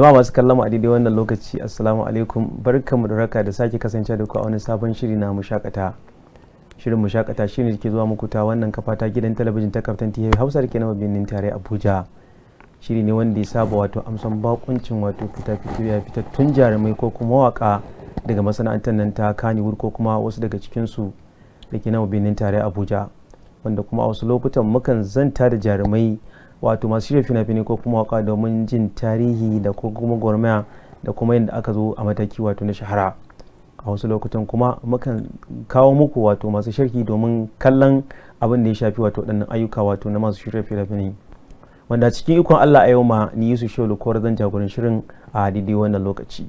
jama'a masu kallon mu a daidai wannan lokaci assalamu alaikum barkanmu da raka da sake kasance da ku a wani sabon shiri na mushakata shirin mushakata shine ke zuwa muku ta wannan kafa ta gidan talabijin ta kaftan TV Hausa da ke na birnin tare Abuja shiri ne wanda ya saba wato amsan bakuncin wato fita fito ya fitattun jarumai ko kuma waka daga masana'antar nan ta kaniwur ko kuma wasu daga cikinsu su da ke nan birnin tare Abuja wanda kuma a wasu lokutan mukan zanta da jarumai wato masu shirya fina-finai ko kuma waka domin jin tarihi da kuma gwarmaya da kuma yadda aka zo a mataki wato na shahara a wasu lokutan kuma mukan kawo muku wato masu sharhi domin kallon abin da ya shafi wato waɗannan ayyuka wato na masu shirya fina-finai wanda cikin ikon Allah a yau ma ni Yusuf Shehu ko zan jagorin shirin a daidai wannan lokaci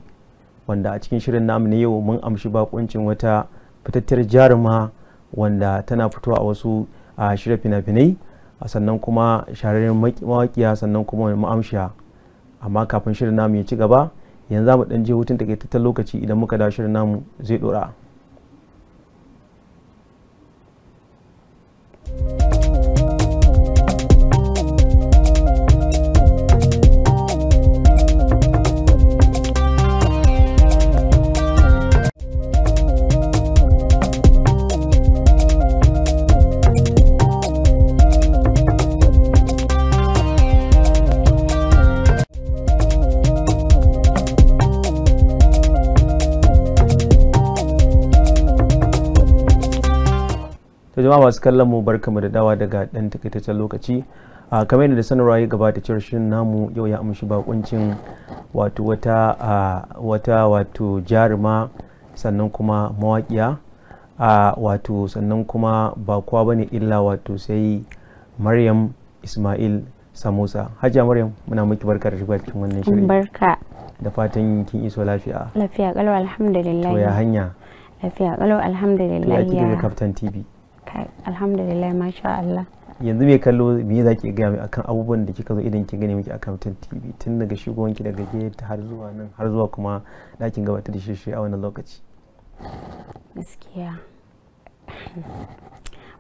wanda a cikin shirin namu na yau mun amshi bakuncin wata fitattar jaruma wanda tana fitowa a wasu a shirya fina-finai sannan kuma shahararren mawaƙiya sannan kuma mai ma'amshiya amma kafin shirin namu ya ci gaba yanzu za mu ɗan je hutun takaitaccen lokaci idan muka da shirin namu zai ɗora. jama'a masu kallon mu barkamu da dawa daga dan takaitaccen lokaci a kamar yadda sanarwa ya gabata cewar shirin namu yau ya amshi bakuncin wato wata wata wato jaruma sannan kuma mawaƙiya a wato sannan kuma ba kowa bane illa wato sai maryam ismail samusa hajiya maryam muna miki barka da shiga cikin wannan shirin barka da fatan kin iso lafiya lafiya kalau alhamdulillah to ya hanya lafiya kalau alhamdulillah ya kike da kaftan tv alhamdulillah masha Allah yanzu mai kallo me za ki gaya akan abubuwan da kika zo idan ki gane miki akan tin TV tun daga shigowanki daga gate har zuwa nan har zuwa kuma ɗakin gabatar da shirye a wannan lokaci gaskiya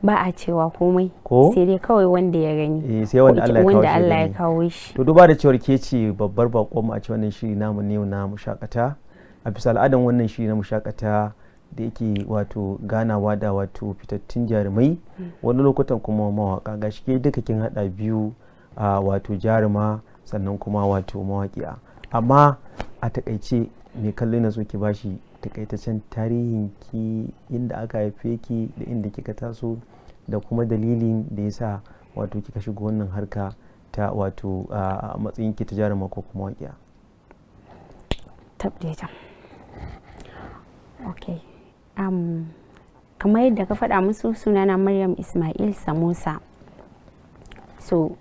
ba a cewa komai ko sai dai kawai wanda ya gani eh, sai wanda Allah ya kawo shi to duba da cewar ke ce babbar bakon mu a ce wannan shiri namu ne na mushakata a bisa al'adan wannan shiri na mushakata da yake wato ganawa da wato fitattun jarumai hmm. wani lokutan kuma mawaka ga shi duka kin hada biyu a wato jaruma sannan kuma wato mawaƙiya amma a takaice mai kallo na so ki bashi takaitaccen tarihin ki inda aka haife ki da inda kika taso da kuma dalilin da yasa wato kika shigo wannan harka ta wato a matsayin ki ta jaruma ko kuma waƙiya. Okay. um, kamar yadda ka faɗa musu sunana maryam ismail samosa so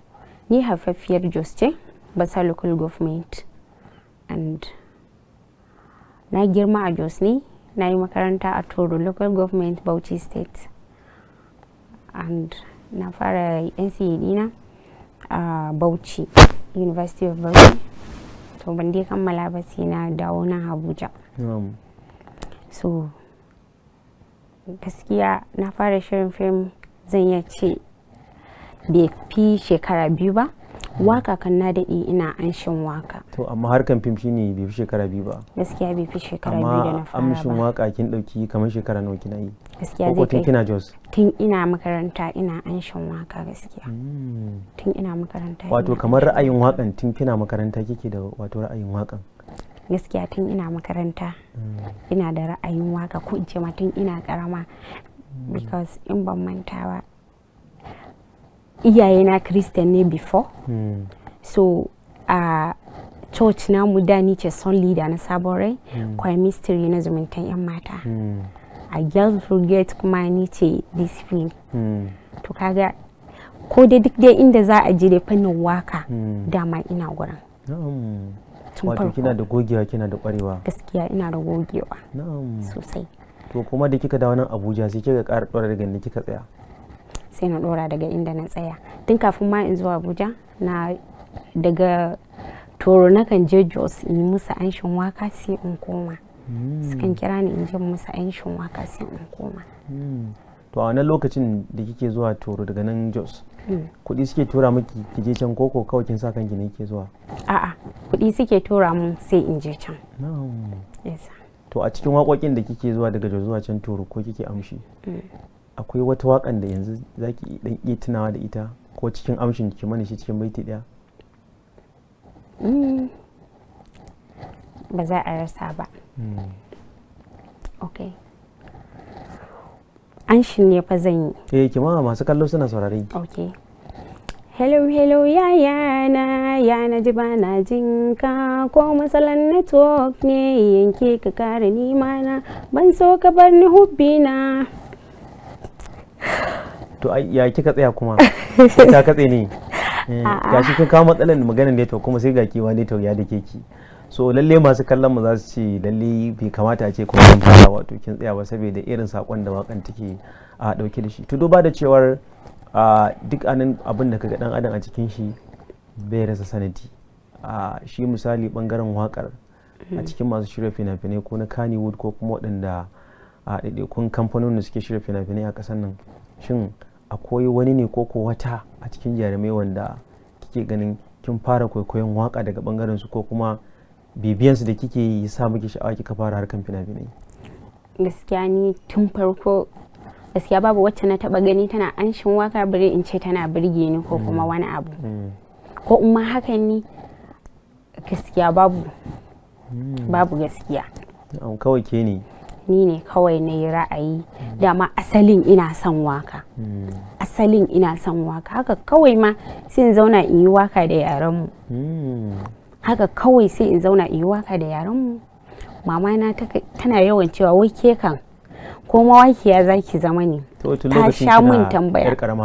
ni haifaffiyar jos ce basa local government and na girma a jos ne na yi makaranta a toro local government bauchi state and na fara nca dina a bauchi university of bauchi to ban dai kammala ba sai na dawo na abuja so gaskiya na fara shirin fim zan iya ce bai fi shekara biyu ba waka kan na daɗi ina an shin waka to amma harkan fim shine bai fi shekara biyu ba gaskiya bai fi shekara biyu da na fara amma an shin waka kin ɗauki kamar shekara nawa kina yi gaskiya zai kai kina jos tun ina makaranta ina an shin waka gaskiya hmm. tun ina makaranta wato kamar ra'ayin wakan tun kina makaranta kike da wato ra'ayin wakan gaskiya tun ina makaranta ina da ra'ayin waka ko in ce ma tun ina karama because in ban mantawa iyayena christian ne before so a church na mu da ni ce son leader na sabon rai kwai mystery na zumuntan yan mata a girls forget kuma ni ce discipline to kaga ko dai duk dai inda za a je da fannin waka mm. dama ina gurin tun farko kina da gogewa kina da kwarewa gaskiya ina da gogewa sosai to kuma da kika dawo nan Abuja sai kika ƙara dora daga inda kika tsaya sai na ɗora daga inda na tsaya tun kafin ma in zuwa Abuja na daga toro na kan je Jos hmm. in musu anshin waka sai in koma sukan kira ni in je musu anshin waka sai in koma to a wannan lokacin da kike zuwa toro daga nan Jos kuɗi suke tura miki ki je can koko kawai kin sa kanki ne ke zuwa a'a kuɗi suke tura mun sai in je can to a cikin waƙoƙin da kike zuwa daga zuwa can turu ko kike amshi mm. akwai wata waƙan da yanzu zaki dan iya tunawa da ita ko cikin amshin ki mana shi cikin baiti daya mm. ba za a rasa ba mm. okay anshin ne fa zan yi eh ki ma masu kallo suna saurare okay hello hello ya na ya na ji ba na jin ka ko matsalan network ne yanke ka kare ni mana ban so ka bar ni hubbi na to ya kika tsaya kuma ta katse ne eh, shi kin kawo matsalar maganar network kuma sai ga kiwa network ya dake ki so lalle masu kallon mu za su ce lalle bai kamata a ce kuma kin ta wato kin tsaya ba saboda irin sakon da wakan take a dauke da shi to duba da cewar duk anan abin da kaga dan adam a cikin shi bai rasa sanadi a shi misali bangaren wakar a eh. cikin masu shirya fina-finai ko na kannywood ko kuma waɗanda a ɗaiɗaikun kamfanonin da suke shirya fina-finai a ƙasar nan shin akwai wani ne ko wata a cikin jarumai wanda kike ganin kin fara kwaikwayon waka daga bangaren su ko kuma bibiyan su da kike yi sa muke sha'awa kika fara harkan fina-finai gaskiya ni tun farko gaskiya babu wacce na taba gani tana anshin waka bare in ce tana birge ni ko kuma mm. wani abu mm. ko in ma hakan ni gaskiya babu mm. babu gaskiya kawai ke ne ni ne kawai na yi ra'ayi dama asalin ina son waka asalin ina son waka haka kawai ma sai zauna in yi waka da mu haka kawai sai in zauna in yi waka da yaran mu mama na tana yawan cewa wai ke kan ko mawakiya za ki zama ne ta sha mun tambaya hmm.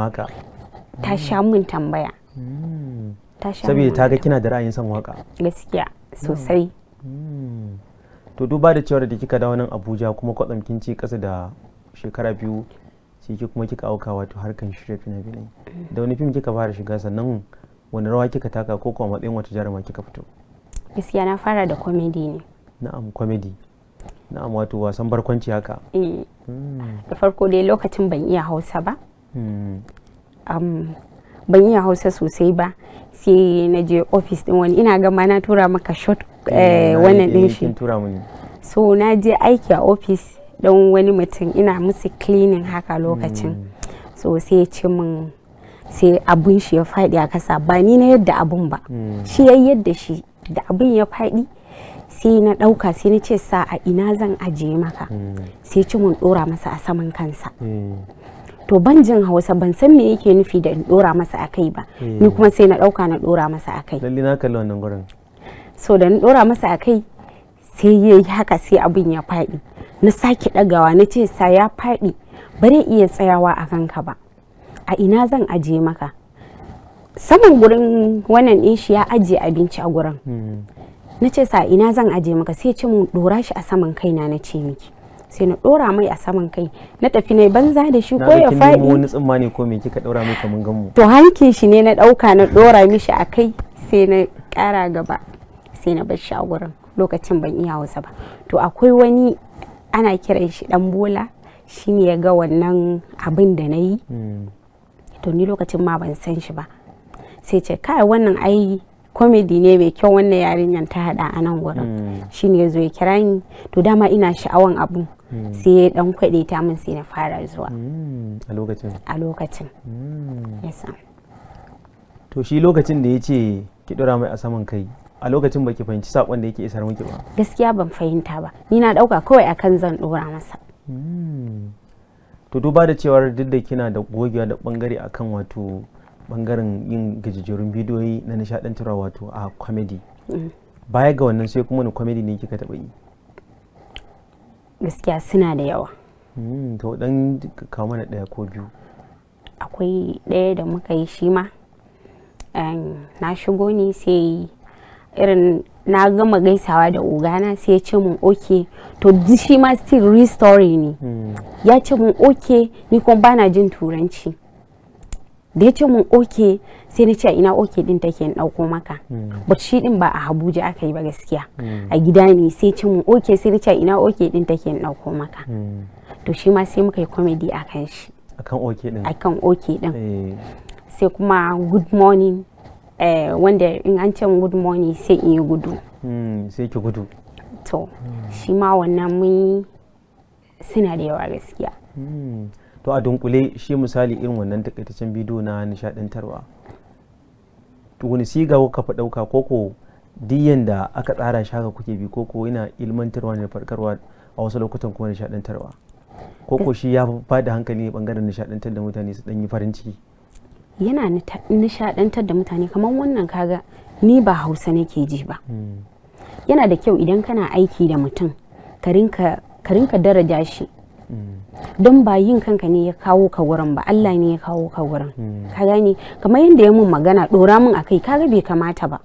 ta sha mun tambaya saboda ta ga kina da ra'ayin son waka gaskiya hmm. sosai hmm. to duba da cewa da kika dawo nan abuja kuma kwatsam kin ci kasa da shekara biyu sai kuma kika auka wato harkan shirya fina-finai da wani fim kika fara shiga sannan wani rawa kika taka ko kuma matsayin wata jaruma kika fito gaskiya na fara da comedy ne na'am comedy na'am wato wasan barkwanci haka eh. hmm. da farko dai lokacin ban iya hausa ba hmm. ban iya hausa sosai ba sai na je ofis din wani ina gama na tura maka shot eh, eh, wannan din shi so na je aiki a ofis don wani mutum ina musu cleaning haka lokacin hmm. so sai ya ce min sai abun shi ya faɗi a kasa ba ni na yadda abun ba hmm. shi ya yadda shi da abun ya faɗi sai na ɗauka sai na ce sa a ina zan ajiye maka hmm. sai ci mun ɗora masa a saman kansa hmm. to ban jin hausa ban san me yake nufi da in ɗora masa a kai ba ni kuma sai na ɗauka na ɗora masa a kai lalle na kalli wannan gurin so da na ɗora masa a kai sai ya yi haka sai abin ya faɗi na sake ɗagawa na ce sa ya faɗi ba iya tsayawa a kanka ba a ina zan aje maka saman gurin wannan ɗin shi ya ajiye abinci a gurin hmm. na ce sa ina zan aje maka sai ce mu dora shi a saman kaina na ce miki sai na dora mai a saman kai na tafi na banza da shi ko ya faɗi wani tsumma ne ko me kika dora mai gan gamu to hankin shi ne na dauka na dora mishi a kai sai na kara gaba sai na bar shi a gurin lokacin ban iya wasa ba to akwai wani ana kiran shi dan bola shine ya ga wannan abin da na yi hmm. to ni lokacin ma ban san shi ba sai ce kai wannan ai komedi ne mai kyau wannan yarinyar ta hada a nan gurin mm. shine ya zo ya kira ni to dama ina sha'awan abu mm. sai ya dan kwade ta min sai na fara zuwa mm. a lokacin a lokacin yasa to shi lokacin da ya ce ki dora mai a saman kai a lokacin baki fahimci sakon da yake isar miki ba gaskiya ban fahimta ba ni na dauka kawai akan zan dora masa to duba da cewa duk da kina da gogewa da bangare akan wato bangaren yin gajejerun bidiyoyi na nishadantarwa wato a comedy mm. baya ga wannan sai kuma wani comedy ne kika taba yi gaskiya suna da yawa mm, to dan kawo mana daya ko biyu akwai daya da muka yi shi ma na shigo ne sai irin na gama gaisawa da ogana sai ya ce mun oke to shi ma still restory ne hmm. ya ce mun oke ni kuma bana jin turanci da ya ce mun oke sai na ce ina oke din take in dauko maka hmm. but shi din ba a Abuja aka yi ba gaskiya hmm. a gida ne sai ce mun oke sai na ce ina oke din take in dauko maka to shi ma sai muka yi comedy akan shi akan oke din akan oke din eh. sai kuma good morning Eh, wanda in an ce good morning sai in yi gudu hmm, sai ki gudu to hmm. shi ma wannan mun suna da yawa gaskiya hmm. to a dunkule shi misali irin wannan takaitaccen bidiyo na nishadantarwa to wani siga kuka fa ɗauka koko duk yanda aka tsara shaka kuke bi koko yana ilmantarwa ne farkarwa a wasu lokutan kuma nishadantarwa koko shi ya fada hankali ne bangaren nishadantar da mutane su dan yi farin ciki yana nishadantar da mutane kamar wannan kaga ni ba hausa nake ji ba hmm. yana da kyau idan kana aiki da mutum ka rinka daraja shi hmm. don ba yin kanka ne ya kawo ka wurin ba Allah ne ya kawo ka wurin hmm. ka gani kamar yadda ya mun magana dora mun akai kaga bai kamata ba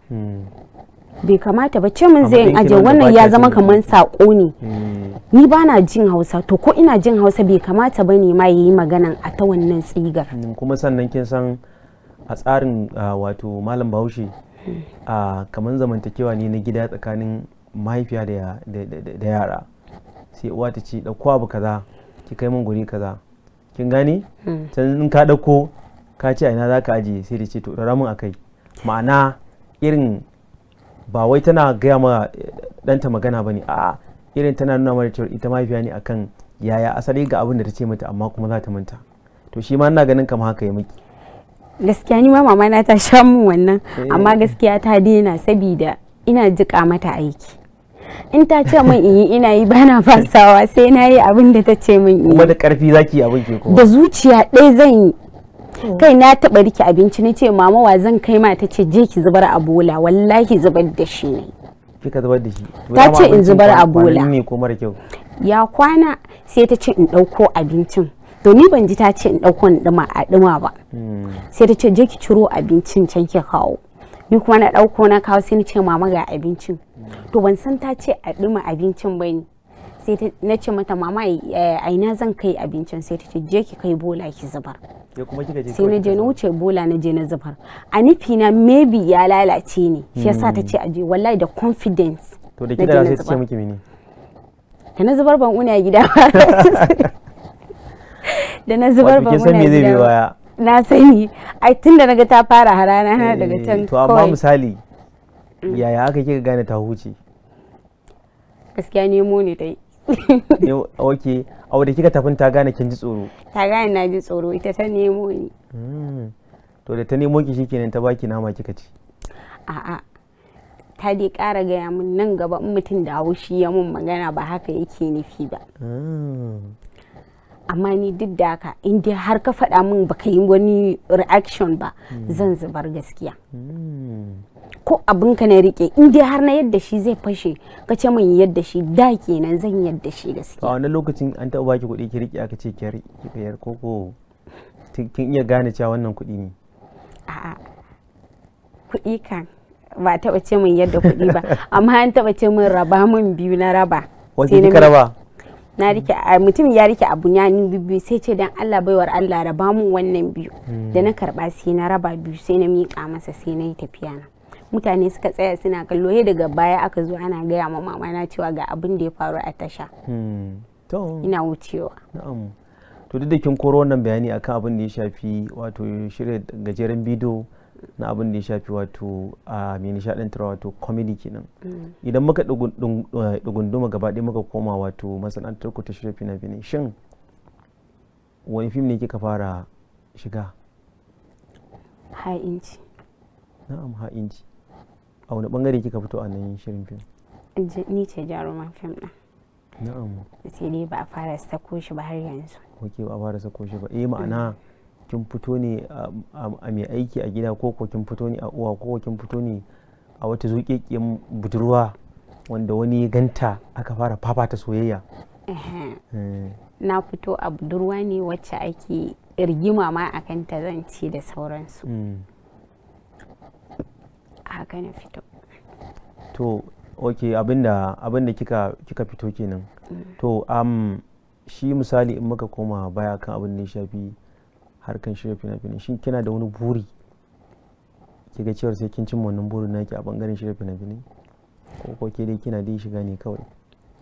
bai kamata ba ce mun zai aje wannan ya zama kamar saƙo ne ni ba na jin hausa to ko ina jin hausa bai kamata ba ne ma ya yi maganan a ta wannan tsigar mm, kuma sannan kin san a tsarin wato malam bahaushe a kamar zamantakewa ne na gida tsakanin mahaifiya da yara sai uwa ta ce dauko abu kaza ki kai min guri kaza kin gane mm. can in ka dauko ka ce a ina za ka ajiye sai da ce to ɗora min a kai ma'ana irin ba wai tana gaya ma danta eh, magana ba ne a'a irin tana nuna mana cewa ita mahaifiya ne akan yaya asali ga abin da ta ce mata amma kuma za ta manta to shi ma ina ganin kamar haka ya miki gaskiya ni ma mama na ta sha mun wannan eh. amma gaskiya ta daina saboda ina jika mata aiki in ta ce min in yi ina yi bana fasawa sai na yi abin da ta ce min kuma da karfi zaki abin ke kuma da zuciya ɗaya zan yi kai na taɓa riki abinci na ce mama wa zan kai ma ta ce je ki zubar a bola wallahi zubar da shi ne fika zubar da shi ta ce in zubar a bola ne ko mara kyau ya kwana sai ta ce in dauko abincin to ni ban ji ta ce in dauko in dima a dima ba hmm. sai ta ce je ki ciro abincin can ki kawo ni kuma na dauko na kawo sai ni ce mama ga abincin to ban san ta ce a dima abincin ba ni sai na ce mata mama eh, a ina zan kai abincin sai ta ce je ki kai bola ki zubar sai na je na wuce bola na je na zubar a nufi na maybe ya lalace ne shi yasa hmm. ta ce aje wallahi da confidence to da kida sai ta ce miki mene da na zubar ban una gida ba da na zubar ban una gida ba na sani ai tun da naga ta fara harana na daga eh, can to amma misali mm. yaya aka kika gane ta huce gaskiya nemo ne dai ok a kika tafin ta gane kin ji tsoro ta gane na ji tsoro ita ta nemo ni hmm. to da ta nemo ki shikenan ta baki nama kika ci a'a ta dai ƙara gaya min nan gaba in mutum da haushi ya mun magana ba haka yake nufi ba hmm. amma ni duk da haka in dai har ka faɗa min baka yi wani reaction ba hmm. zan zubar gaskiya ko abin ka na rike in dai har na yadda shi zai fashe ka ce min yadda shi da kenan zan yadda shi gaskiya a wannan lokacin an taɓa baki kuɗi ki rike aka ce ki bayar ko ko kin iya gane cewa wannan kuɗi ne a'a kuɗi kan ba taɓa ce min yadda kuɗi ba amma an taɓa ce min raba min biyu na raba wani kika raba na rike mutum ya rike abu ya ni biyu sai ce dan Allah baiwar Allah raba mun wannan biyu hmm. da na karba sai na raba biyu sai na miƙa masa sai na yi tafiya na mutane suka tsaya suna kallo he daga baya aka zo ana gaya ma mama na cewa ga abin da ya faru a tasha hmm. ina wucewa to duk da kin koro wannan bayani akan abin da ya shafi wato shirya gajeren bidiyo na abin da ya shafi wato a mai nishadantar wato comedy kenan hmm. idan muka dugunduma eh, gaba ɗaya muka koma wato masana'antar ku ta shirya fina-finai shin wani fim ne kika fara shiga ha'inci na'am ha'inci a wani bangare kika fito a nan shirin fim ni ce jaruman fim ɗin na'am sai dai ba a fara sako shi ba har yanzu Oke ba a fara sako shi ba eh mm. ma'ana kin fito ne a mai aiki a gida ko ko kin fito ne a uwa ko kin fito ne a wata zuƙeƙiyar budurwa wanda wani ganta aka fara fafata soyayya eh. na fito a budurwa ne wacce ake rigima ma a kanta zan da sauransu mm. haka na fito to ok abinda abinda kika kika fito kenan mm. to am shi misali in muka koma baya kan abin da ya shafi harkan shirya fina-finai shi kina da wani buri ki ga cewar sai kin cin wannan burin naki a bangaren shirya fina-finai ko ko ke dai kina dai shiga ne kawai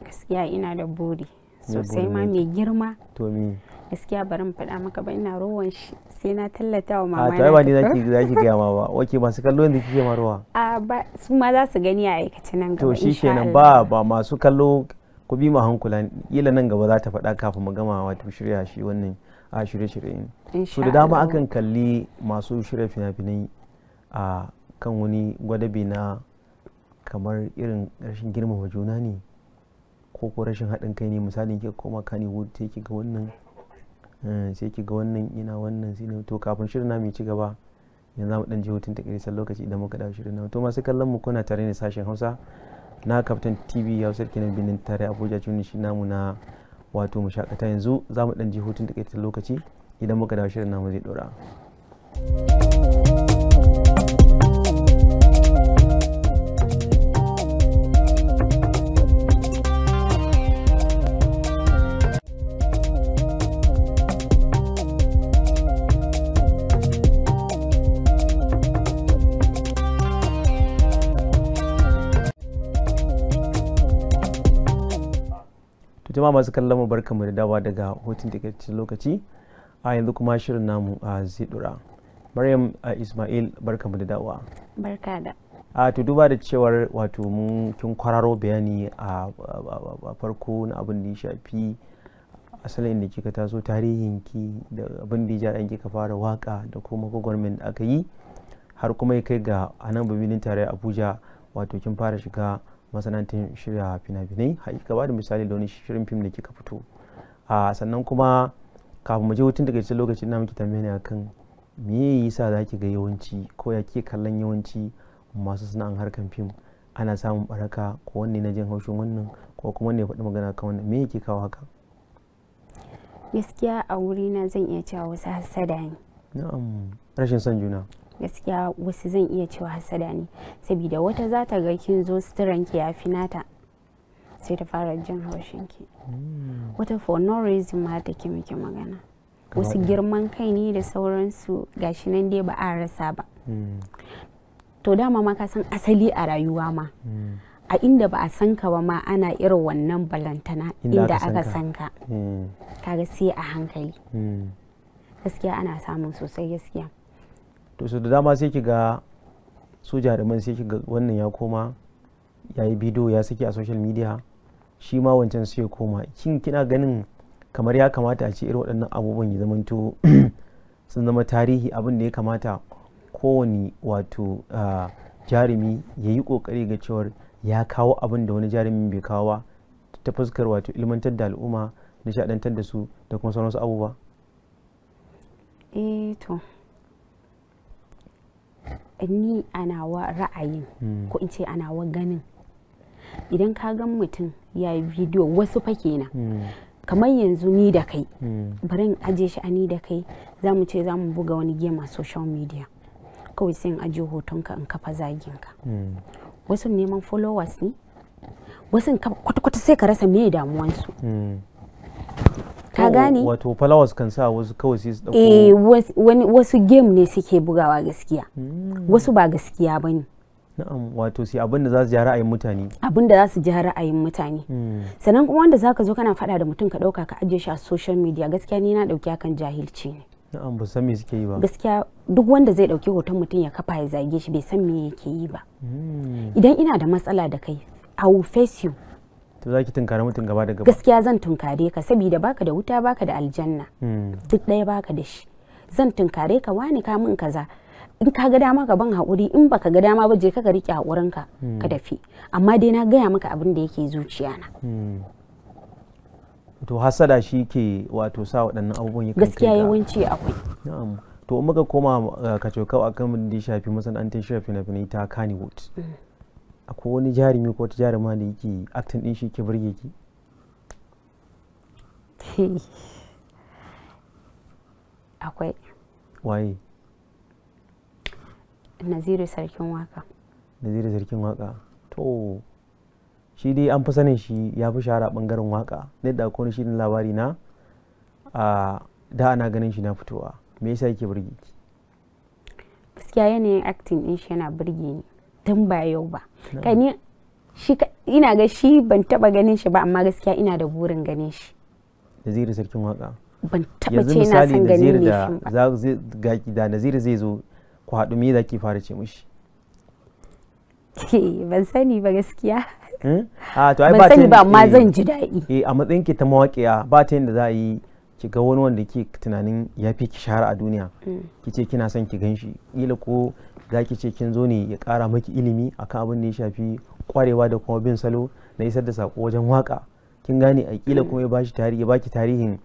gaskiya ina da buri sosai ma mai girma to me gaskiya bari mu faɗa maka ba ina rowan shi sai na tallata wa mama na ba ni zaki zaki ga ma ba oke masu kallo yanzu kike ma rowa a ba su ma za su gani a aikace nan gaba to shikenan ba ba masu kallo ku bi mu hankula kila nan gaba za ta faɗa kafin mu gama wato shirya shi wannan a shirye-shiryen su da dama akan kalli masu shirya fina-finai a kan wani gwadabi na kamar irin rashin girmama juna ne ko ko rashin haɗin kai ne misali ke koma kannywood sai ki ga wannan eh, sai ki ga wannan ina wannan sai to kafin shirin na mai ci gaba yanzu mu dan je hutun takaitar lokaci idan muka dawo shirin na to masu kallon mu kuna tare ne sashen hausa na Captain tv hausa kenan binin tare abuja tuni shi namu na wato mu shakata yanzu za mu dan je hutun takaitar lokaci idan muka dawo shirin namu zai dora thank you jama'a masu kallon mu barka mu da dawa daga hutun takaitaccen lokaci a yanzu kuma shirin namu a zidura maryam ismail barka mu da dawa barka da a to duba da cewar wato mun kin kwararo bayani a farko na abin da ya shafi asalin da kika taso tarihin ki da abin da ya kika fara waka da kuma gwagwarmin da aka yi har kuma ya kai ga anan birnin tare abuja wato kin fara shiga masana'antar shirya fina-finai haƙiƙa ba da misali da wani shirin fim da kika fito a sannan kuma kafin mu je hutun daga cikin lokaci na muke tambaye akan me yasa za ki ga yawanci ko ya ke kallon yawanci masu sana'an harkan fim ana samun baraka ko wanne na jin haushin wannan ko kuma ne faɗi magana kan wannan me yake kawo haka gaskiya a wuri na zan iya cewa wasu hasada ne na'am rashin son juna gaskiya wasu zan iya cewa hasada ne saboda wata za ta ga kin zo suturanki ya fi nata sai ta fara jin haushinki hmm. wata for no reason ma ta ki miki magana wasu girman kai ne da sauransu gashi nan dai ba a rasa ba hmm. to dama ma ka san asali a rayuwa ma hmm. a inda ba a san ka ba ma ana irin wannan balantana inda aka san ka kaga sai a hankali gaskiya ana samun sosai gaskiya to su da dama sai ki ga su jaruman sai ki ga wannan ya koma ya yi bidiyo ya saki a social media shi ma wancan sai ya koma kin kina ganin kamar ya kamata a ce irin waɗannan abubuwan ya zamanto sun zama tarihi abin da ya kamata kowane wato jarumi ya yi ƙoƙari ga cewar ya kawo abin da wani jarumi bai kawo ba ta fuskar wato ilmantar da al'umma nishaɗantar da su da kuma sauransu abubuwa? Eh ni anawa ra'ayin hmm. ko in ce anawa ganin idan ka gan mutum ya yi bidiyo wasu fa kenan hmm. kamar yanzu ni da kai hmm. bari in aje shi a ni da kai za mu ce za mu buga wani game a social media kawai sai in aje hotonka in kafa zaginka wasu neman followers ne wasu kwata-kwata sai ka rasa me damuwansu gane wato followers kan sa wasu kawai sai su dauko eh wasu game ne suke bugawa gaskiya hmm. wasu ba gaskiya bane na'am wato sai abin da za su ji ra'ayin mutane abin da za su ji ra'ayin mutane hmm. sannan kuma wanda zaka zo kana faɗa da mutum ka ɗauka ka ajiye shi a social media gaskiya ni na ɗauki hakan jahilci ne na'am ba san me suke yi ba gaskiya duk wanda zai ɗauki hoton mutum ya kafa ya zage shi bai san me yake yi ba hmm. idan ina da matsala da kai i will face you to zaki tunkara mutum gaba da gaba gaskiya zan tunkare ka saboda baka da wuta baka da aljanna hmm. duk ɗaya baka da shi zan tunkare ka wani ka mun kaza in ka ga dama ka ban haƙuri in baka ga dama ba je ka riƙe haƙurinka hmm. ka dafi amma dai na gaya maka abin da yake zuciya na hmm. to hasada shi ke wato sa waɗannan abubuwan yakan gaskiya yawanci akwai na'am to muka koma uh, kacokau akan da shafi masana'antar na fina ta Kannywood akwai wani jarumi ko wata jaruma da yake actin din shi ke burge ki akwai waye naziru sarkin waka naziru sarkin waka to shi dai an fi sanin shi ya fi shahara bangaren waka ne da akwai shirin labari na a da ana ganin shi na fitowa me yasa yake burge ki gaskiya yanayin acting din shi yana burge ni tambaya ba yau ba kai ni shi ina ga shi ban taba ganin shi ba amma gaskiya ina da burin ganin shi da sarkin waka ban taba ce na san ganin ne shi ba ga da nazira zai zo ku haɗu me zaki fara ce mishi ban sani ba gaskiya hmm? a to ai ba sani ba amma zan ji daɗi eh a matsayin ki ta mawaƙiya ba ta yadda za a yi ki ga wani wanda ke tunanin ya fi ki shahara a duniya hmm. ki ce kina son ki gan shi ko za ki ce kin zo ne ya ƙara maki ilimi a kan abin da ya shafi kwarewa da kuma bin salo na isar da sako wajen waka kin gane a kila kuma ya bashi tarihi ya baki tarihin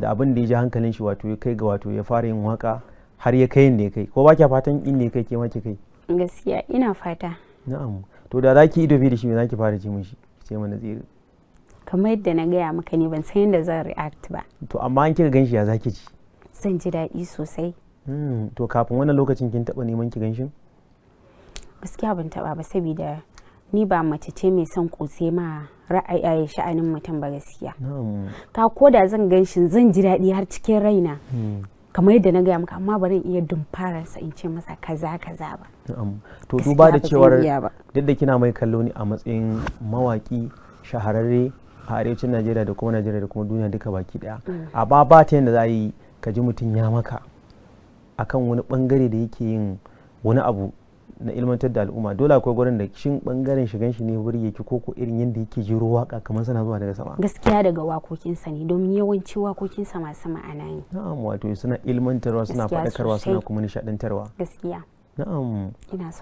da abin da ya ji hankalin shi wato ya kai ga wato ya fara yin waka har ya kai inda ya kai ko ba kya fatan inda ya kai ke maki kai gaskiya ina fata na'am to da za ki ido da shi me za ki fara ji mishi sai mana tsiri kamar yadda na gaya maka ne ban san yadda zan react ba to amma an kika shi ya ki ji zan ji daɗi sosai Hmm, to kafin wannan lokacin kin taba neman ki ganshin gaskiya ban taba ba saboda ni ba mace ce mai son kutse ma ra'ayi eh, sha'anin mutum ba gaskiya ka koda zan ganshin zan ji daɗi har cikin raina hmm. kamar yadda na gaya maka amma ba zan iya sa in ce masa kaza kaza ba to duba da cewar duk da kina mai kallo ni a matsayin mawaki shahararre a arewacin najeriya da kuma najeriya da kuma duniya duka baki daya a ba ba ta yadda za yi ka ji mutum ya maka akan wani bangare da yake yin wani abu na ilmantar da al'umma dole akwai gurin da shin bangaren shigan shi ne wuri yake ko ko irin yadda yake jiro waka kamar sana zuwa daga sama gaskiya daga wakokin sa ne domin yawanci wakokin sa masu ma'ana ne na'am wato suna ilmantarwa suna faɗakarwa suna kuma nishadantarwa gaskiya na'am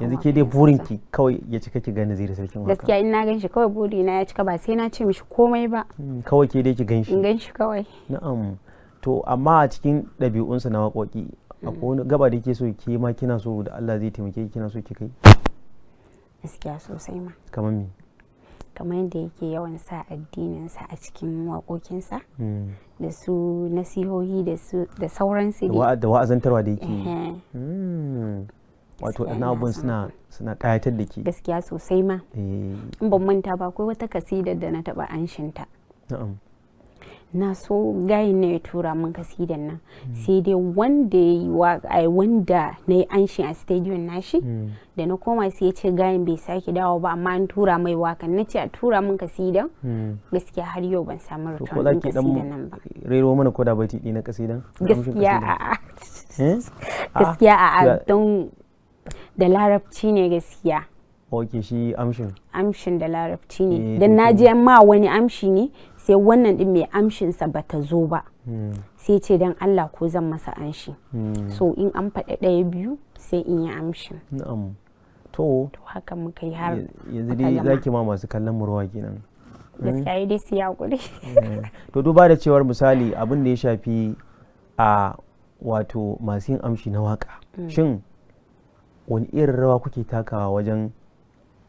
yanzu ke dai burin ki kawai ya cika ki gane zira sarkin waka gaskiya in na ganshi kawai buri na ya cika ba sai na ce mishi komai ba hmm, kawai ke dai ki shi in shi kawai na'am to amma a cikin ɗabi'unsa na waƙoƙi akwai mm. wani gaba da ke so ke ma kina so da Allah zai taimake kina so ki kai gaskiya sosai ma kamar me kamar yadda yake yawan sa addininsa a cikin waƙoƙinsa mm. da su nasihohi da sauransu da wa'azantarwa da yake mm. wato ɗan abun suna suna ƙayatar da ke gaskiya sosai ma eh. in ban manta ba akwai wata kasida da na taɓa anshinta na so gayin na ya tura min kasidan nan hmm. sai dai wanda ya yi ai wanda na yi shi a stadium nashi hmm. da na koma sai ya ce gayin bai sake dawo ba amma an tura mai wakan na ce a tura min kasidan hmm. gaskiya har yau ban samu rutun kasidan nan ba rero mana koda bai tidi na kasidan gaskiya a eh? gaskiya ah, a don da larabci ne gaskiya ok shi amshin amshin da larabci ne eh, don na je ma wani amshi ne sai wannan din mai amshinsa ba ta zo ba hmm. sai ce don allah ko zan masa anshi hmm. so in an faɗi ɗaya biyu sai in yi amshin to haka muka yi har yanzu dai zaki ma masu kallon murwa kenan hmm. gaskiya dai su ya to duba da cewar misali abin da ya shafi a wato masu yin amshi na waka shin wani irin rawa kuke takawa wajen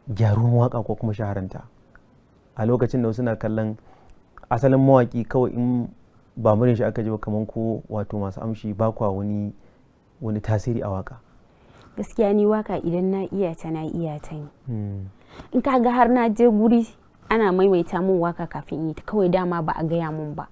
gyaruwan waka ko kuma shaharanta a lokacin da suna kallon asalin mawaki kawai in ba murin shi aka ji ba kamar ko wato masu amshi ba kwa wani tasiri a waka gaskiya ni waka idan na iya ta na iya ta ne hmm. in ka ga har na je guri ana maimaita min waka kafin yi kawai dama ba a gaya min ba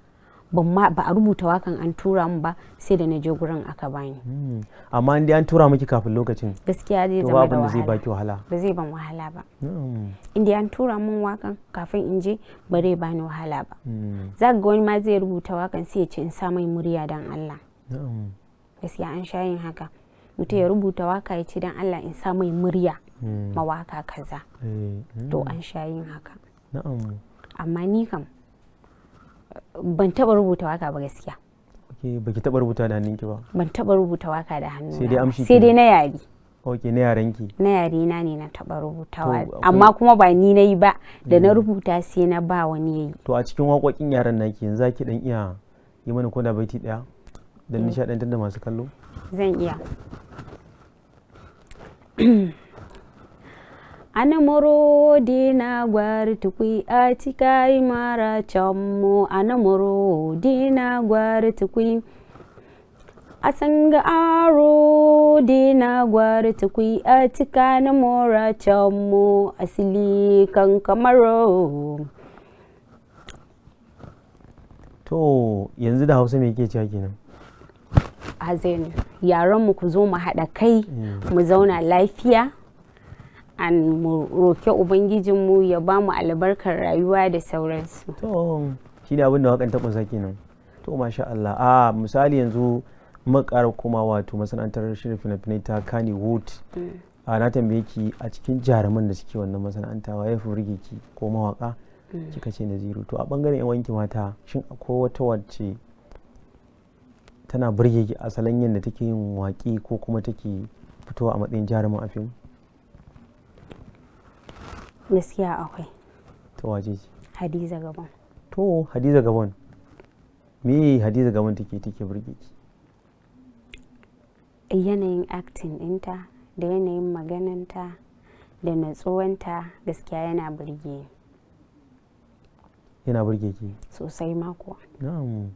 ban ba a rubuta wakan an tura mu ba sai da na je gurin aka bani hmm. amma indai an tura miki kafin lokacin gaskiya zai zama da wahala zai baki wahala ba zai ban wahala ba hmm. indai an tura mun wakan kafin in je ba zai bani wahala ba hmm. za ga wani ma zai rubuta wakan sai ya ce in sa mai murya dan Allah gaskiya an sha yin haka mutum ya rubuta waka ya ce dan Allah in sa mai murya mawaka kaza eh, to an sha yin haka amma ni kam ban taba rubuta waka ba gaskiya okay baki taba rubuta da hannunki ba ban taba rubuta waka da hannu sai dai amshi sai dai na yari ok na ki. na yare na ne na taba rubutawa amma kuma ba ni nayi ba da na mm. rubuta sai na ba wani yayi to a cikin waƙoƙin yaran ki, yanzu zaki dan iya yi mana koda baiti daya don mm. nishaɗantar da masu kallo zan iya di dina gwari tukui atikai mara chammo di dina gwari tukui asanga aro dina gwari tukui atika na mora chammo asili kan kamaro to yanzu da hausa mai ke cewa kenan a yaran mu ku zo mu haɗa kai eh. mu zauna lafiya an mu roke ubangijinmu ya ba mu albarkar rayuwa da sauransu to shi ne abin da wakan taɓa saki nan to masha Allah a misali yanzu makar kuma wato masana'antar shirin fina-finai ta kani wood mm. a na tambaye ki a cikin jaruman da suke wannan masana'anta wa ya furge ki ko mawaka mm. kika ce naziru to a bangaren yan wanki mata shin akwai wata wacce tana burge ki asalin yadda take yin waki ko kuma take fitowa a matsayin jaruman a fim gaskiya akwai to waje ce hadiza gabon to hadiza gabon me hadiza gabon take take burge ki yanayin acting dinta, da yanayin magananta da natsuwanta gaskiya yana burge yana burge ki sosai mako na'am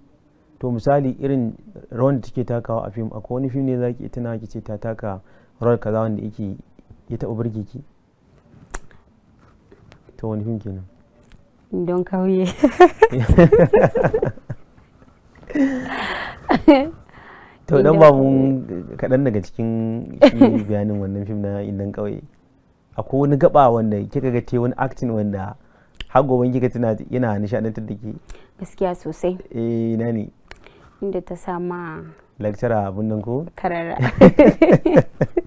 to misali irin rawan da take takawa a fim akwai wani fim ne zaki tana ki ce ta taka rawar kaza wanda yake ya taɓa burge ki ta wani fim kenan don kauye to dan ba mun kaɗan daga cikin bayanin wannan fim na idan kauye akwai wani gaba wanda kika ga te wani aktin wanda har gobe kika tuna yana nishadantar da ke gaskiya sosai eh na ne inda ta sama lecturer abin nan ko karara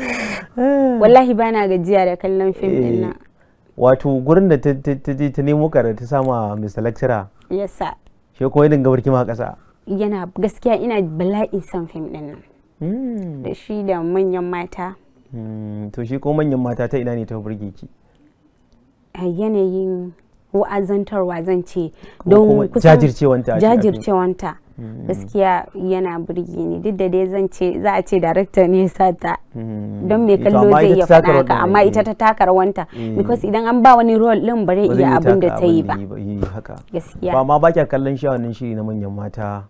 wallahi bana gajiya da kallon fim din nan eh, wato gurin da ta je ta nemo ka da ta sama Mr. Lecturer yes sir she kuma idan gabar kima kasa yana gaskiya ina bala'in son fim din nan hmm. da shi da manyan mata hmm, to shi ko manyan mata ta ina ne ta burge ki yanayin wa'azantarwa zan ce don jajircewanta jajircewanta mm. gaskiya yana burge ni duk da dai zan ce za a ce director ne ta mm. don mai kallo zai iya faɗa amma ita ta takar wanta mm. because idan an ba wani role din bare iya abin da ta yi ba gaskiya ba ma ba kya kallon shi wannan shiri na manyan mata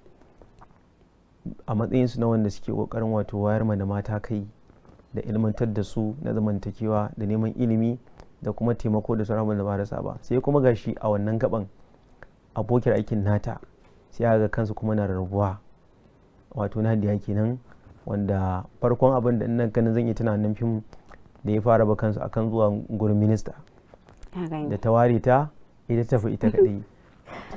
a matsayin su na wanda suke kokarin wato wayar ma da mata kai da ilmantar da su na zamantakewa da neman ilimi da kuma taimako da sauran da ba rasa ba sai kuma gashi a wannan gaban abokin aikin nata sai ga kansu kuma na rarrabuwa wato nadiya kenan wanda farkon abin da nan ganin zan yi tunanin fim da ya fara ba kansu akan zuwa gurin minista da ta ware ta ita tafi ita kadai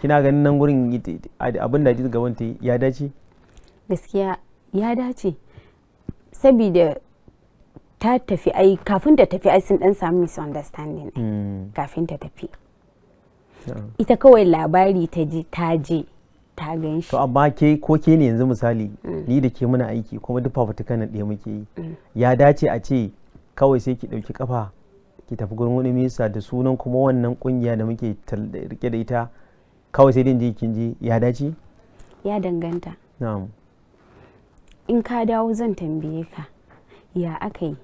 kina ganin nan gurin abin da gaban ta ya dace gaskiya ya dace saboda ta tafi ai kafin ta tafi ai sun dan samu misunderstanding mm. kafin ta tafi ita kawai labari ta ji ta je ta gan shi to amma ke ko ke ne yanzu misali mm. ni da ke muna aiki kuma duk fafutukan nan ɗaya muke yi mm. ya dace a ce kawai sai ki ɗauki kafa ki tafi gurin wani minista da sunan kuma wannan kungiya da muke rike da ita kawai sai din je kin je ya dace ya danganta na'am in ka dawo zan tambaye ka ya aka yi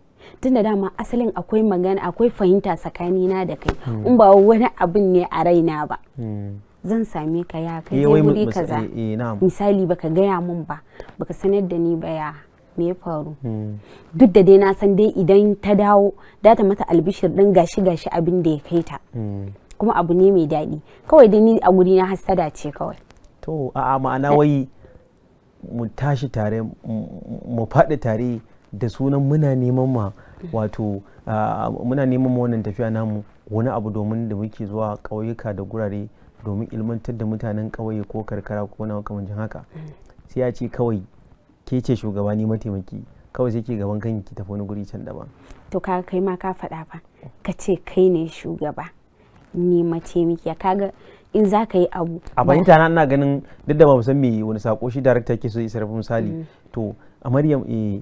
tun da dama asalin akwai magana akwai fahimta tsakani na da kai hmm. in ba wani abin ne a raina ba hmm. zan same ka ya kai eh, wuri kaza eh, eh, misali baka gaya mun ba baka sanar da ni ba ya me ya faru hmm. duk da dai na san dai idan ta dawo data mata albishir din gashi gashi abin da ya kai ta kuma abu ne mai daɗi kawai dai ni a guri na hasada ce kawai to a'a ma'ana wai mu tashi tare mu faɗi tare da sunan muna neman ma wato muna neman ma wannan tafiya namu wani abu domin da muke zuwa ƙauyuka da gurare domin ilmantar da mutanen ƙauye ko karkara ko na makamancin haka sai ya ce kawai ke ce shugaba ni mataimaki kawai sai ke gaban kan ki tafi wani guri can daban to kaga kai ma ka faɗa ba ka ce kai ne shugaba ni mataimakiya kaga in za ka yi abu a fahimta na ina ganin duk da ba mu san me wani sako shi darakta ke so ya sarrafa misali mm. to a maryam eh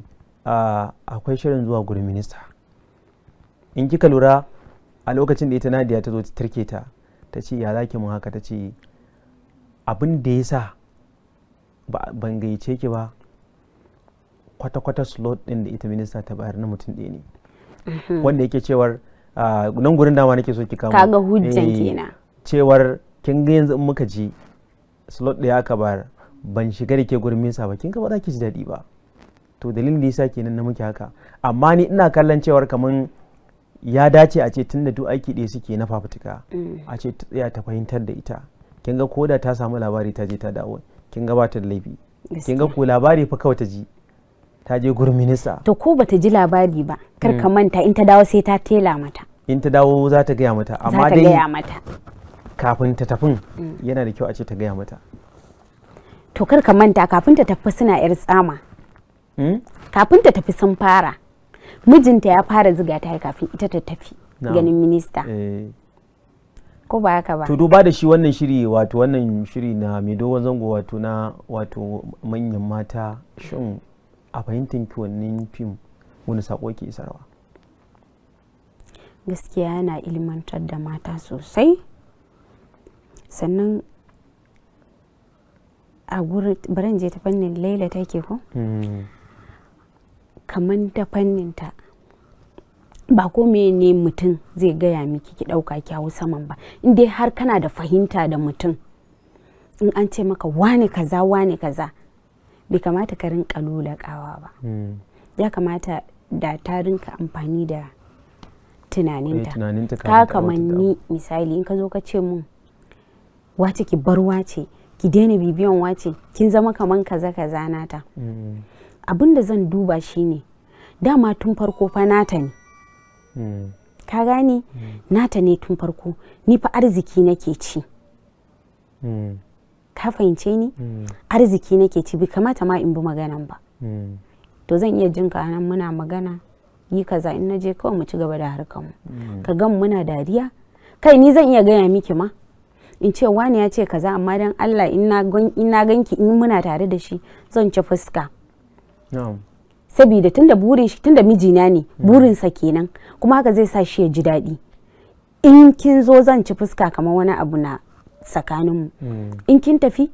Ah, akwai shirin zuwa gurin minista in kika lura a lokacin da ita nadiya ta zo ta tarke ta ta ce ya zaki mun haka ta ce abin da ya sa ban gayyace ki ba kwata-kwata slot din da ita minista ta bayar na mutum ɗaya ne mhm. wanda yake cewar ah, nan gurin dama nake so ki kama kaga hujjan eh, kenan cewar kin ga yanzu in muka ji slot ɗaya aka bayar ban shiga da ke gurin minista ba kin ga ba za ki ji daɗi ba to dalilin da yasa kenan na muke haka amma ni ina kallon cewar kamar ya dace a ce tun da duk aiki ɗaya suke na fafutuka mm. a ce ta ta fahimtar da ita kin ga ko da ta samu labari ta je ta dawo kin ga ba ta da laifi kin ga ko labari fa kawai ta ji ta je gurin minista to ko bata ji labari ba kar ka mm. manta in ta dawo sai ta tela mata in ta dawo za ta gaya mata amma dai kafin ta tafin mm. yana da kyau a ce ta gaya mata to kar ka manta kafin ta tafi suna yar tsama Hmm? kafin ta tafi sun fara mijinta ya fara ziga ta kafin ita ta tafi ganin minista eh. ko ba haka ba to duba da shi wannan shiri wato wannan shiri na mai dogon zango wato na wato manyan mata shin a fahimtar ki wannan fim wani sako ke sarwa. gaskiya yana ilmantar da mata sosai sannan a gurin baran ta fannin laila take ko hmm. kamar ta fanninta ba ko ne mutum zai gaya miki ki ɗauka kyawu saman ba inda har kana da fahimta da mutum in an ce maka wane kaza wane kaza bai kamata ka rinka kawa ba hmm. ya kamata da ta rinka amfani da tunaninta eh, ka kamar ni misali in ka zo ka ce mun wace ki bar wace ki daina bibiyan wace kin zama kaman kaza kaza nata hmm. abin da zan duba shi ne dama tun farko fa nata ne hmm. ka gane hmm. nata ne tun farko ni fa arziki nake ci hmm. ka fahimce ni arziki nake ci bai kamata ma in bi maganan ba to zan iya jin ka nan muna magana yi kaza in na je kawai mu ci gaba da harkar mu ka gan muna dariya kai ni zan iya gaya miki ma in ce wani ya ce kaza amma dan Allah in na ganki in muna tare da shi zan ci fuska saboda tunda burin shi tunda mijina ne hmm. burinsa kenan kuma haka zai sa shi ya ji daɗi in kin zo zan ci fuska kamar wani abu na tsakaninmu hmm. in kin tafi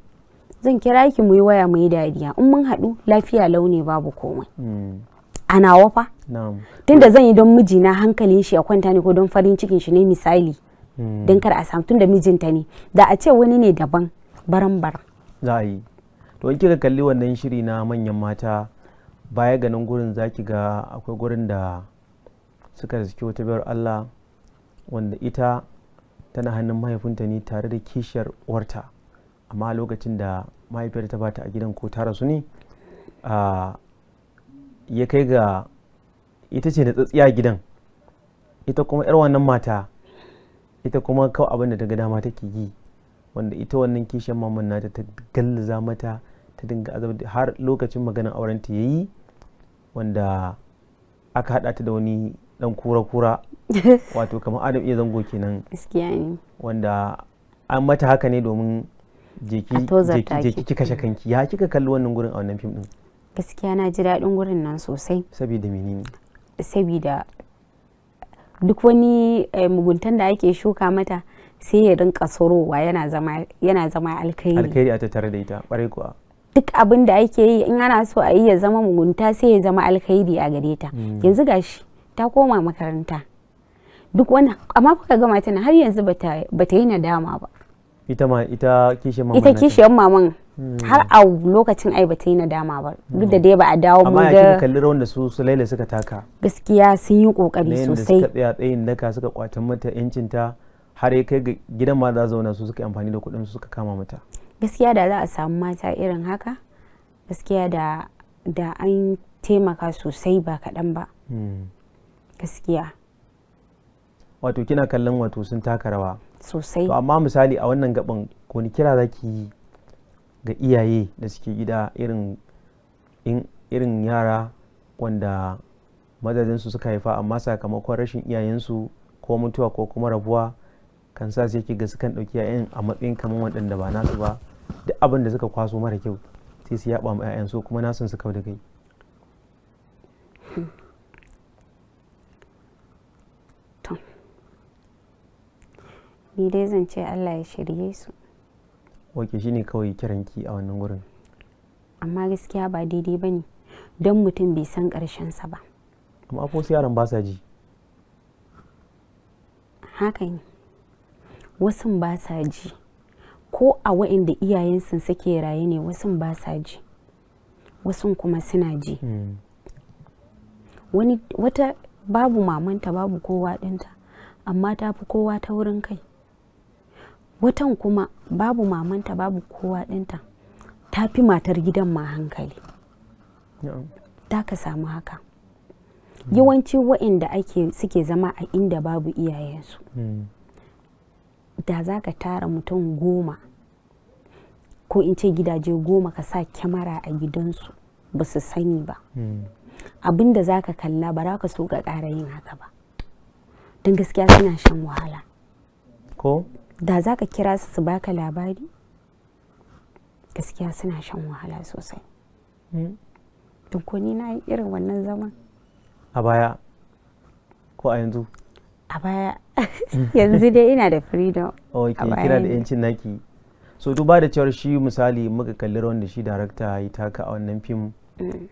zan kira ki mu yi waya mu yi dariya in mun haɗu lafiya launi babu komai hmm. a nawa fa tunda zan yi don mijina hankalin shi ya kwanta ne ko don farin cikin shi ne misali don kar a samu tunda mijinta ne da a ce wani ne daban baran baran za a yi to in kika kalli wannan shiri na manyan mata baya ga gurin zaki ga akwai gurin da suka riski wata biyar allah wanda ita tana hannun mahaifinta ne tare da kishiyar warta amma lokacin da mahaifiyar ta bata a gidan ko ta su ne ya kai ga ita ce da tsatsiya gidan ita kuma yar wannan mata ita kuma kawai abin da daga dama take yi wanda ita wannan kishiyar maman nata ta gallaza mata ta dinga azabta har lokacin maganar aurenta ta yayi wanda aka haɗa ta da wani ɗan kura-kura wato kamar adam iya zango kenan wanda an mata haka ne domin jeki ki kashe kanki ya kika kalli wannan gurin a wannan fim din gaskiya na ji daɗin gurin nan sosai saboda menene saboda duk wani eh, muguntan da ake shuka mata sai ya rinka sorowa yana zama yana zama alkhairi alkhairi a tattare da ita kwarai kuwa duk abin da ake yi in ana so a yi ya zama mugunta sai ya zama alkhairi a gare ta mm. yanzu gashi ta koma makaranta duk wani amma kuka gama tana har yanzu bata yi nadama ba ita ma ita kishiyar maman ita maman mm. har a lokacin ai bata yi nadama ba duk da mm. dai ba a dawo mu ga amma kalli rawan da su Sulaila suka taka gaskiya sun yi kokari sosai da suka tsaya tsayin daka suka kwatan mata yancin ta har ya kai gidan ma za zauna su suka amfani da kuɗin su suka kama mata gaskiya da za a samu mata irin haka gaskiya da da an taimaka sosai ba kaɗan ba hmm. gaskiya wato kina kallon wato sun taka rawa sosai amma misali a wannan gaban ko ni kira zaki yi ga iyaye da suke gida irin irin yara wanda mazajensu suka haifa amma sakamakon rashin iyayensu ko mutuwa ko kuma rabuwa kan sa sai ga sukan ɗauki 'ya'yan a matsayin kamar waɗanda ba nasu ba duk abin da suka kwaso mara kyau sai su yaba ma 'ya'yan so kuma nasu su kau da kai ni dai zan ce Allah ya shirye su wake shine kawai kiranki a wannan gurin amma gaskiya ba daidai ba ne don mutum bai san sa ba amma ko yaran ba sa ji haka ne wasun ba sa ji ko a wa'inda iyayensu suke raye ne wasu ba sa ji wasu kuma suna ji hmm. wani wata babu mamanta babu kowa ɗinta amma ta fi kowa ta wurin kai watan kuma babu mamanta babu kowa ɗinta ta fi matar gidan ma hankali ta ka samu haka hmm. yawanci wa'inda ake suke zama a inda babu iyayensu hmm. da za ka tara mutum goma ko in ce gidaje goma ka sa kyamara a gidansu ba su sani ba hmm. abin da za ka kalla ba za ka so ka ƙara yin haka ba don gaskiya suna shan wahala ko da za ka kira su su baka labari gaskiya suna shan wahala sosai don ko ni na yi irin wannan zaman a baya ko a yanzu a baya yanzu dai ina da freedom ok Kira da yancin naki so duba da cewar shi misali muka kalli rawan da shi darakta ya taka a wannan fim mm.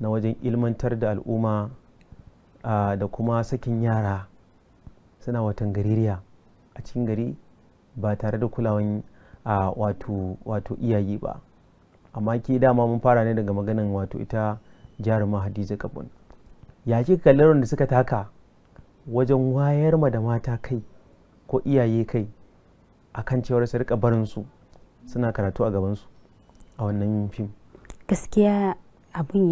na wajen ilmantar da al'umma da kuma sakin yara suna watan gaririya a cikin gari ba tare da kulawan wato iyaye ba amma ke dama mun fara ne daga maganin wato ita jaruma hadiza kabun ya kika kalli rawan da suka taka wajen wayar ma da mata kai ko iyaye kai akan cewar su rika barin su suna karatu a gabansu a wannan fim gaskiya abun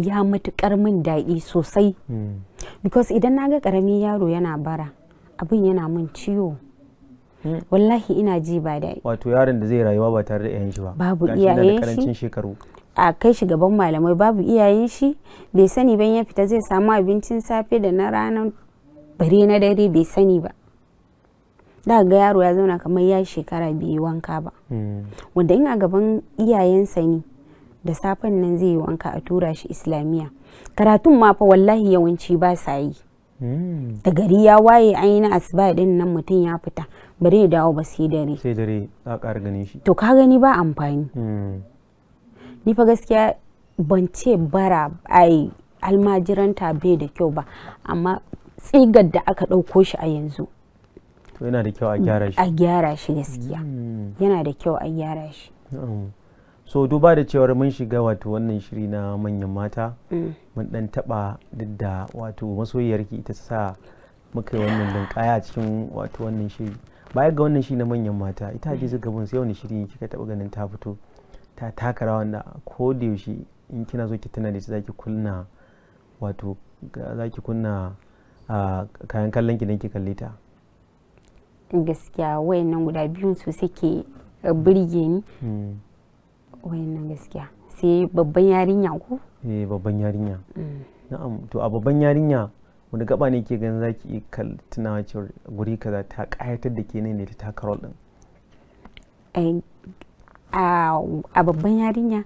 ya matukar min daɗi sosai hmm. because idan na ga ƙaramin yaro yana bara abun yana min ciwo hmm. wallahi ina ji ba daɗi wato yaron da zai rayuwa ba tare da iyayen shi ba babu iyayen shi a kai shi gaban malamai babu iyayen shi bai sani ban ya fita zai samu abincin safe da na ranar bare na dare bai sani ba da ga yaro ya zauna kamar ya shekara biyu wanka ba hmm. wanda in a gaban iyayensa ne da safen nan zai yi wanka a tura shi islamiyya karatun ma fa wallahi yawanci ba sa yi hmm. da gari ya waye aina na asuba din nan mutum ya fita bare ya dawo ba sai dare sai dare za ka ganin shi to ka gani ba amfani hmm. ni fa gaskiya ban ce bara ai almajiranta bai da kyau ba amma tsigar da aka ɗauko shi a yanzu yana da kyau a gyara shi a gyara shi gaskiya hmm. yana da kyau a gyara shi so duba da cewar mun shiga wato wannan shiri na manyan mata hmm. mun dan taba duk da wato masoyiyarki ita sa muka yi wannan linkaya a cikin wato wannan shiri baya ga wannan shiri na manyan mata ita hmm. zuga gabon sai wani shiri kika taba ganin ta fito ta taka rawa da ko da yaushe in kina zo ki tana da zaki kunna wato zaki kunna kayan kallon gidan ki kalli ta gaskiya wayannan guda biyun su suke birge ni hmm. wayannan gaskiya sai babban yarinya ko eh babban yarinya hmm. na'am to a babban yarinya wani gaba ne ke ganin zaki tunawa cewa guri kaza ta kayatar da ke ne ne ta taka rol din eh, a babban yarinya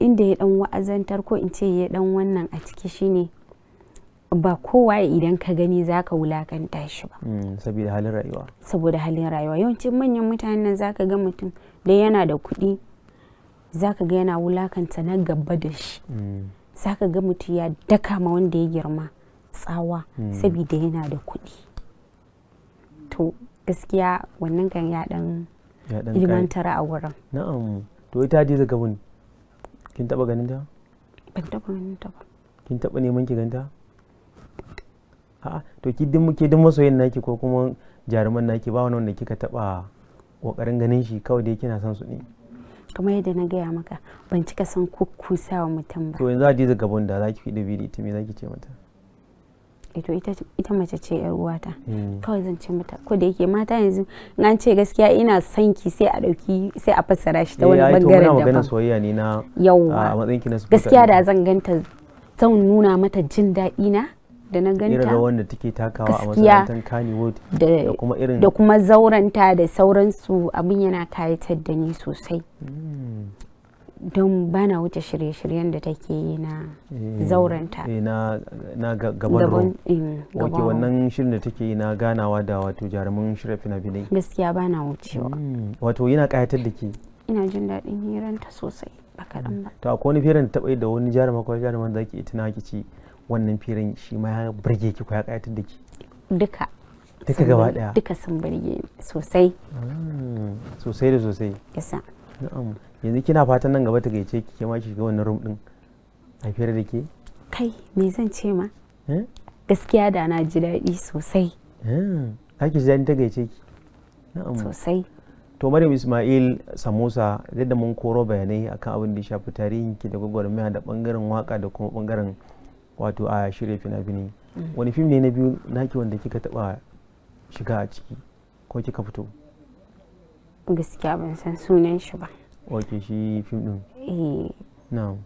inda ya dan wa'azantar ko in ce ya dan wannan a ciki shine ba kowa idan ka gani za ka wulakanta shi ba mm, saboda halin rayuwa saboda halin rayuwa yawancin manyan mutanen nan za ka ga mutum da yana da kuɗi za ka ga yana wulakanta na gaba da shi mm. za ka ga mutum ya daka ma wanda ya girma tsawa mm. saboda yana da kuɗi to gaskiya wannan kan ya dan ilmantar a wurin na'am to ita je zagabin kin taba ganin ta ban taba ganin ta ba kin taba neman ki ganta ha to ki din ke din masoyin naki ko kuma jaruman naki ba wani wanda kika taba kokarin ganin shi kawai dai kina son su ne kamar yadda na gaya maka ban cika son kukkusa wa mutum ba to yanzu Hadiza gabon da zaki fida bidi ita me zaki ce mata eh to ita ita mace ce yar uwata hmm. kawai zan ce mata ko da yake mata yanzu an ce gaskiya ina son ki sai a dauki sai a fassara shi ta wani bangaren eh, da magana soyayya ne na yawa a matsayin ki na gaskiya da zan ganta zan nuna mata jin daɗi na da na ganta irin da take takawa a masarautar Kannywood da kuma irin da kuma zauranta da sauransu abin yana kayatar da ni sosai hmm. don bana wuce shirye-shiryen da take yi na eh, zauranta eh, na gaban eh, wake wannan shirin da take yi na ganawa da wato jarumin shirya fina-finai gaskiya bana wucewa hmm. wato yana kayatar da ke ina jin daɗin hiranta sosai ba kaɗan ba hmm. to akwai wani firan taɓa da wani jarumin ko jaruman da ake ita na ci wannan firin shi ma ya burge ki ko ya kayatar da ki duka duka gaba daya duka sun burge sosai mm, sosai da sosai yasa na'am yanzu kina fatan nan gaba ta gaice ki ke ma ki shiga wannan room din a fira da ke kai me zan ce ma eh? gaskiya da na ji daɗi sosai eh, za ki ji daɗin ta gaice ki na'am sosai to maryam ismail samusa yadda mun koro bayanai akan abin da ya shafi tarihin ki da gwagwarmaya da bangaren waka da kuma bangaren wato a shirya fina-finai mm. wani fim ne na biyu naki wanda kika taba shiga a ciki ko kika fito gaskiya ban san sunan shi ba ok shi fim din eh.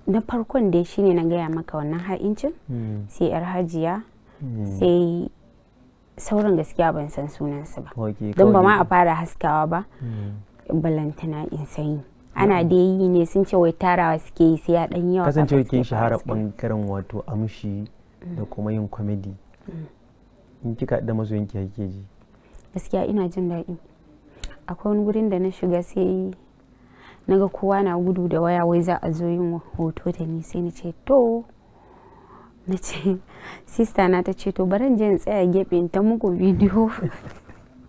na farkon dai shine na gaya maka wannan ha'incin mm. sai yar hajiya mm. sai sauran gaskiya ban san sunansa ba don ba ma a fara haskawa ba balantana in sanyi ana da yi ne sun ce wai tarawa suke yi sai ya dan yawa kasancewa kin shahara bangaren wato amshi da mm. kuma yin comedy mm. in kika da masu yanki kike ji gaskiya ina jin daɗi akwai wani gurin da na shiga sai naga kowa na gudu da waya wai za a zo yin hoto da ni sai na ce to na ce sista na ta ce to barin je in tsaya gefe ta muku bidiyo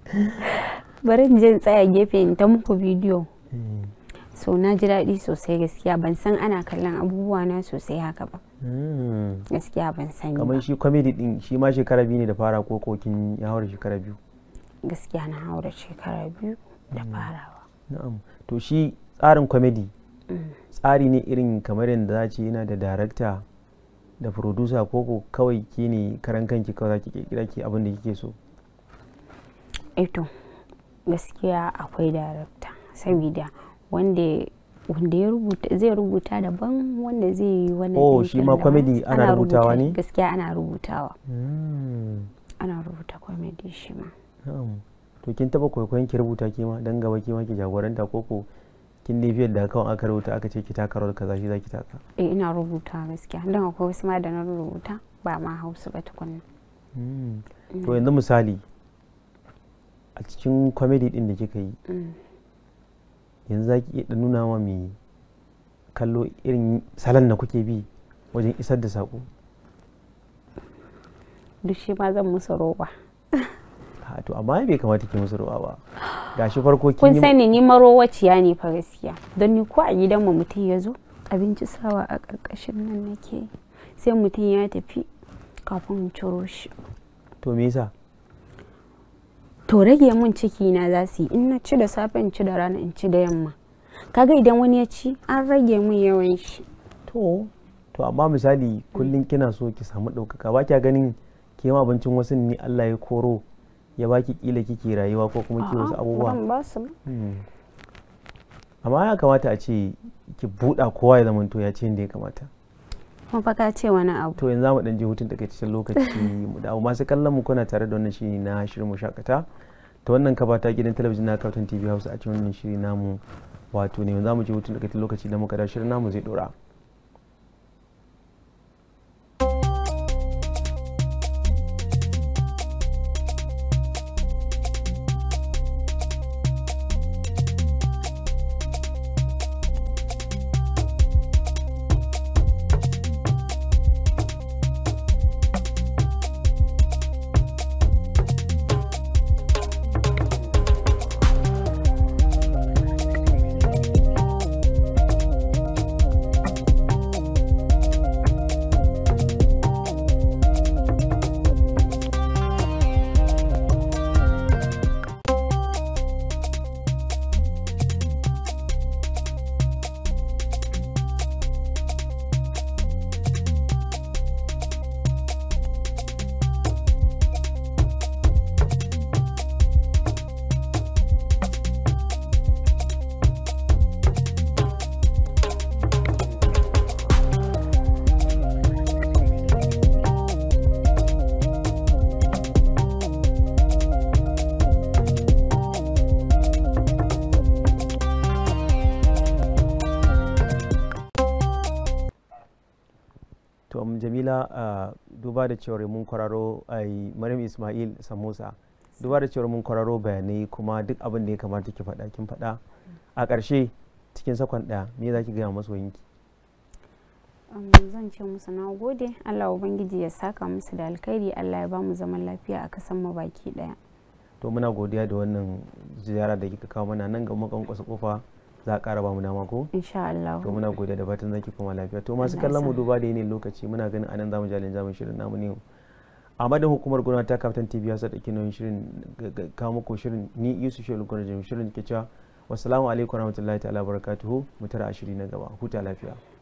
barin je in tsaya gefe ta muku bidiyo mm. so na ji daɗi sosai gaskiya ban san ana kallon abubuwa na sosai haka ba hmm. gaskiya ban san ba. kamar shi comedy din shi ma shekara biyu ne da fara ko kokin ya haura shekara biyu gaskiya na haura shekara biyu da hmm. farawa na'am to shi tsarin comedy mm. tsari ne irin kamar yadda za ce yana da director da producer ko kawai ke ne karan kanki kawai zaki ki kira ki abin da kike so eto eh gaskiya akwai director saboda wanda wanda ya rubuta zai rubuta daban wanda zai yi wannan oh shi ma comedy ana rubutawa ne gaskiya ana rubutawa hmm. ana rubuta comedy shi ma to kin taba kwaikwayon ki rubuta ke ma dan gaba ke ma ki jagoranta ko ko kin dai fiye da kawai aka rubuta aka ce ki taka rawar kaza shi zaki taka eh ina rubuta gaskiya dan akwai wasu ma da na rubuta ba ma Hausa ba tukunna hmm. to mm. yanzu misali a cikin comedy din da kika yi mm. yanzu za ki iya nuna wa mai kallo irin salon da kuke bi wajen isar da saƙo duk shi ma zan musu roba to amma bai kamata ki musu roba ba gashi farko kin kun sani ni marowaciya ne fa gaskiya don ni ko a gidan mu mutum ya zo abinci sawa a ƙarƙashin nan nake sai mutum ya tafi kafin in ciro shi to me yasa to rage mun ciki na za su yi in na ci da safe in ci da rana in ci da yamma kaga idan wani ya ci an rage mun yawan shi to to amma misali kullum kina so ki samu ɗaukaka ba kya ganin ke ma abincin wasu ne Allah ya koro ya baki kila kike rayuwa ko kuma ki wasu abubuwa hmm. amma ya kamata a ce ki buɗa kowa ya zamanto ya ce inda ya kamata mafaka fa ce wani abu to yanzu za mu dan ji hutun cikin lokaci mu dawo masu kallon mu kuna tare da wannan shiri na shirin mu shakata ta wannan kabata ta gidan talabijin na Cartoon TV Hausa a cikin wannan shiri namu wato ne yanzu za mu ji hutun cikin lokaci da muka da shirin namu zai dora jamila duba da cewar mun kwararo ai maryam ismail samusa duba da cewar mun kwararo bayanai kuma duk abin da ya kamata ki faɗa kin faɗa a ƙarshe cikin sakon ɗaya me za ki gaya masoyinki zan ce musu na gode allah ubangiji ya saka musu da alkhairi allah ya ba mu zaman lafiya a kasan mu baki ɗaya to muna godiya da wannan ziyara da kika kawo mana nan ga makon kofa za a ƙara ba mu dama ko insha Allah to muna gode da fatan zaki kuma lafiya to masu kallon mu duba da yini lokaci muna ganin anan zamu jalin zamu shirin namu ne a madan hukumar gona ta kaftan TV ya sa dauki shirin ka muku shirin ni Yusuf Shehu jami shirin ke cewa wassalamu alaikum warahmatullahi ta'ala barakatuhu mu tara ashiri na gaba huta lafiya